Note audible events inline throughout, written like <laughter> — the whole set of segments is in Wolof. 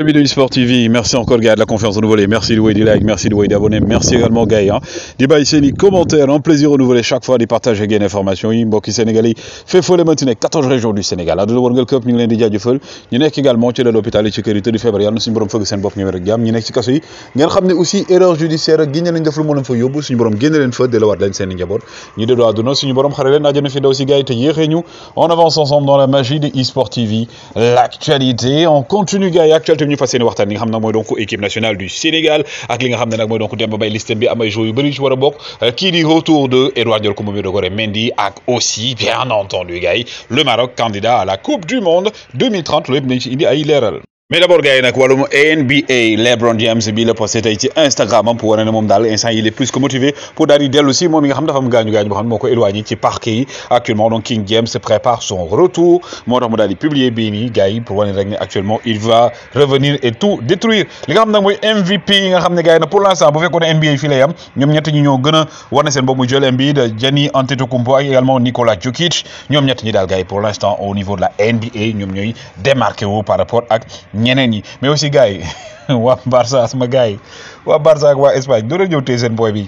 Amis de eSport TV, merci encore gars de la confiance renouvelée, merci de du like, merci de d'abonner, merci également gars. Hein. Débat ici, les commentaires, un plaisir renouvelé chaque fois, des partages et des informations. Mbokki Sénégalais, fait fou les maintenant 14 régions du Sénégal. Adou World Cup, ñu ngi leen di jaajëfal ñu nekk également ci l'hôpital yi ci kër yi tëdd feebar yàlla na suñu borom fëgg seen bopp ñëwee rek jàmm ñu nekk ci kaso yi ngeen xam ne aussi erreur judiciaire ak génne nañ def lu moo leen fa yóbbu suñu borom génne leen fa delluwaat leen seen njaboot ñu dédoo àdduna suñu borom xare leen naajëna fi daw si gars yi te yéexee ñu on avance ensemble dans la magie de eSport TV l'actualité on continue gars actualité ñu fas yéene waxtaan li nga xam nag donc équipe nationale du Sénégal ak li nga xam nak moy donc Demba Bay liste bi am ay joueurs yu bari ci wara bok euh, ki di retour de Edouard Diolko Mohamed Dogore Mendy ak aussi bien entendu gars le Maroc candidat à la Coupe du Monde 2030 le yëpp nañ ci indi ay leral mais d'abord, abord gars yi nag wàllum NBA LeBron James bi la posté tey ci Instagram pour wane ne moom daal instant il est plus que motivé pour daal di dellu si moom mi nga xam dafa am gaañu gaañu boo xam ne ci parquet actuellement donc King James prépare son retour moo tax mu daal di publier bii nii gars yi pour wane rek actuellement il va revenir et tout détruire li nga xam nag mooy MVP yi nga xam gars yi nag pour l'instant. instant bu fekkoon ne NBA filé. lay am ñoom ñett ñi ñoo gën a wane seen boobu Joel Embiid Giannis Antetokounmpo également Nikola Jokic ñoom ñett ñi daal gars yi pour l'instant au niveau de la NBA ñoom ñooy démarqué wu par rapport ak. ñeneen yi mais aussi gars yi <laughs> waa Barça sama gars yi waa Barça ak waa Espagne doon na ñëw tey seen boy bi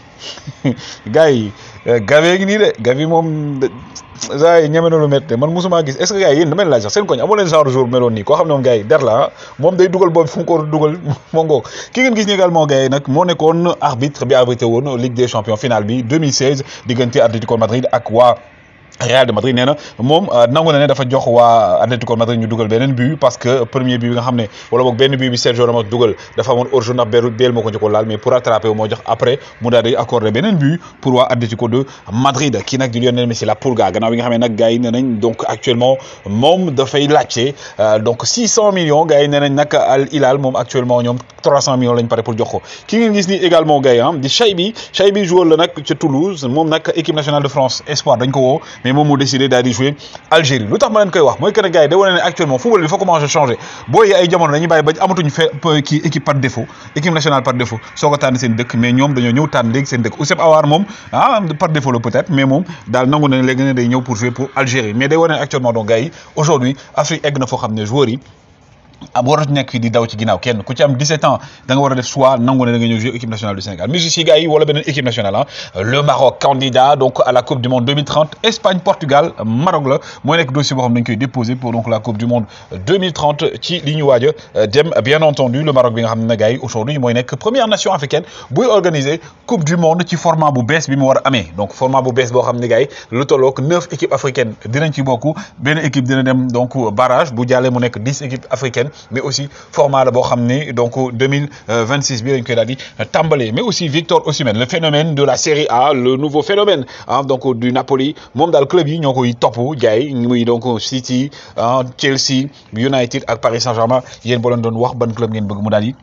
<laughs> gars yi euh, Gavi ngi nii de Gavi moom saa yi ñeme na lu métti man mosuma gis est-ce que yi yéen dama leen laaj seen koñ amoo leen genre jour meloon nii koo xam ne moom gars yi der la ah, moom day dugal boobu fu mu ko <laughs> moo ki ngeen gis ni également gars yi nag moo nekkoon arbitre bi arbitré woon Ligue des champions finale bi 2016 diggante Atlético Madrid ak waa. Real de Madrid nee mom nangou euh, nangu na ne dafa jox wa Atletico Madrid ñu duggal benen but parce que premier but bi nga xamné wala bok benn but bi Sergio Ramos duggal dafa amoon hors-jeu ndax benn benn moo laal mais pour attraper mo jox après mu daal di accordé beneen but pour wa Atletico de Madrid ki nak di Lionel Messi la Pulga gannaaw bi nga xamné nak gaay nenañ donc actuellement da fay laccé donc 600 millions gaay nenañ nak Al Hilal mom actuellement ñom 300 millions lañ paré pour jox ko ki ngeen gis ni également gaay ah, hein di Chaibi Chaibi joueur la nak ci Toulouse mom nak équipe nationale de France espoir dañ ko woo mais moom décidé d'aller jouer Algérie lu tax ma leen koy wax mooy que actuellement. gars actuellement football il faut commencer changer booy yi ay jamono dañuy bàyyi qui amatuñu fe équipe par défaut équipe nationale par défaut soo ko tànn seen dëkk mais ñoom dañoo ñëw tànn léegi seen dëkk Oussep Aouar moom ah, par défaut peut-être mais moom daal nangu na léegi ne pour jouer pour Algérie mais day actuellement donc gars yi aujourd'hui Afrique egg na foo xam ne joueurs yi ab waratu nekk fii di daw ci ginnaaw kenn ku ci am 17 ans da nga war def soit nangu ne da nga ñëw équipe nationale du Sénégal Messi gars yi wala beneen équipe nationale ah le Maroc candidat donc à la Coupe du Monde 2030 Espagne Portugal Maroc la mooy nekk dossier boo xam ne dañ koy déposé pour donc la Coupe du Monde 2030 ci li ñu euh, dem bien entendu le Maroc bi nga xam ne gars yi aujourd'hui mooy nekk première nation africaine buy organiser Coupe du Monde ci format bu bees bi mu war a donc format bu bees boo xam ne gars lu tollook neuf équipes africaines dinañ ci bokk benn équipe dina dem donc barrage bu jàllee mu nekk dix équipes africaines mais aussi format la boo donc 2026 bi lañ koy mais aussi Victor Osimhen le phénomène de la Série A le nouveau phénomène hein, donc du Napoli mondal club yi ñoo koy City hein, Chelsea United Paris Saint-Germain yéen boo leen bon club ngeen bëgg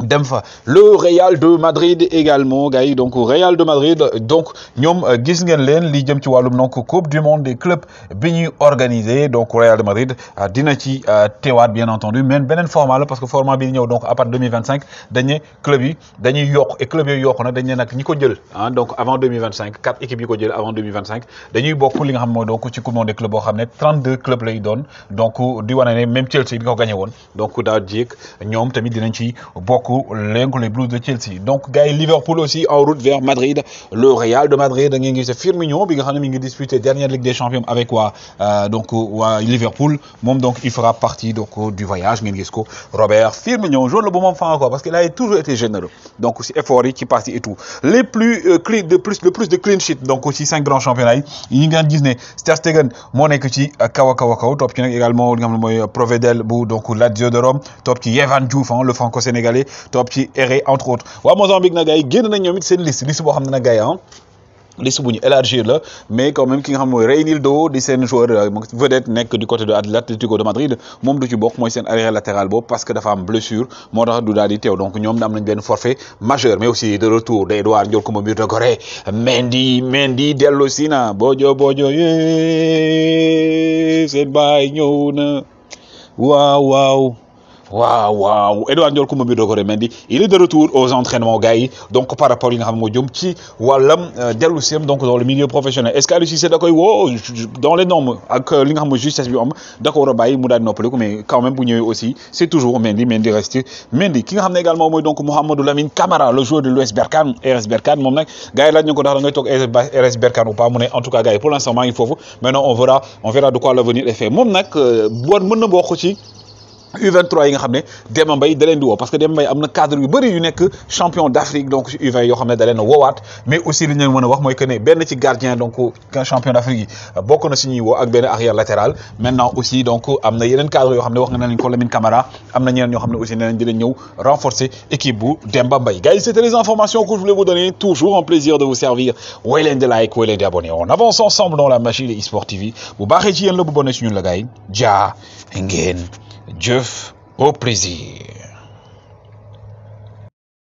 demfa le Real de Madrid également gars donc le Real de Madrid donc ñom euh, gis ngeen leen li jëm ci walum donc coupe du monde des clubs bi ñuy organisé donc Real de Madrid euh, dina ci euh, teewaat bien entendu mais benen format la parce que format bi ñew donc à partir 2025 dañu club yi dañuy yokk et club yi yokk na dañu nak ñiko jël hein, donc avant 2025 quatre équipes yi ko jël avant 2025 dañuy bokk li nga xam mooy donc ci coupe du monde des clubs bo xamné 32 clubs lay doon donc di wané même Chelsea bi ko gagné won donc da jéeg ñom tamit dinañ ci bokk les Blues de Chelsea donc gars Liverpool aussi en route vers Madrid le Real de Madrid da ngeen Firmino bi nga xamni disputé dernière Ligue des Champions avec quoi euh, donc Liverpool donc il fera partie donc euh, du voyage ngi Robert Firmino jour le bon moment encore parce qu'il a toujours été généreux donc aussi effort qui parti et tout les plus euh, de plus le plus de clean sheet donc aussi cinq grands championnats il y nga Disney ne Ter Stegen mo nek ci Kawa a top également nga xam moy Provedel bu donc Lazio de Rome top ci Evan Diouf hein, le franco-sénégalais Top ci erré entre autres Wa Mozambique na gay yi na nañ ñoom it seen liste liste bo xamna na gay gars ah, liste buñu élargir la mais quand même ki nga xam moy Reinildo di sen joueur euh, vedette nek du côté de Atlético de Madrid mom du ci bok moy sen arrière latéral bo parce que dafa am blessure moo tax du dal di tew donc ñoom am nañ ben forfait majeur mais aussi de retour d'Edouard Edouard Ndiol Kumba Gore Mendi Gorée Mendy Mendy dellu si bojo bojo yee seen bay ñëw na waaw waaw waaw waaw Edouard Ndiol ku ma bi doo ko remendi il est de retour aux entraînements gars yi donc par rapport li nga xam ne moo jëm ci wàllam euh, dellu donc dans le milieu professionnel est-ce que Aliou Cissé da koy woo dans les normes ak euh, li nga xam justice bi am da ko war a bàyyi mu daal di noppaliku mais quand même bu ñëwee aussi c'est toujours Mendy Mendy reste di ki nga xam ne également mooy donc Mouhamadou Lamine Camara le joueur de US Berkane RS Berkane moom nag gars yi laaj ñu ko ndax da ngay toog RS Berkane ou pas mu ne en tout cas gars yi pour l'instant maa ngi foofu maintenant on verra on verra de quoi l'avenir est fait moom nag euh, bon mën na bokk ci U23 yi nga xamné Demba Mbaye di wo parce que Demba Mbaye amna cadre yu est yu nek champion d'Afrique donc U20 yo xamné ne wo wat mais aussi li ñu leen wax moy que né benn ci gardien donc champion d'Afrique Afrique yi bokk na ci ñi wo ak arrière latéral maintenant aussi donc amna yenen cadre yo xamné wax nga nañ ko Lamine Camara amna ñeneen ñoo xamné aussi nee dinañ ñew renforcer équipe bu Demba Mbaye guys c'était les informations que je voulais vous donner toujours un plaisir de vous servir way leen like way leen di abonné on avance ensemble dans la magie de eSport TV bu baxé ci yéen la bu bonné ci ñun la gay ngeen Serve au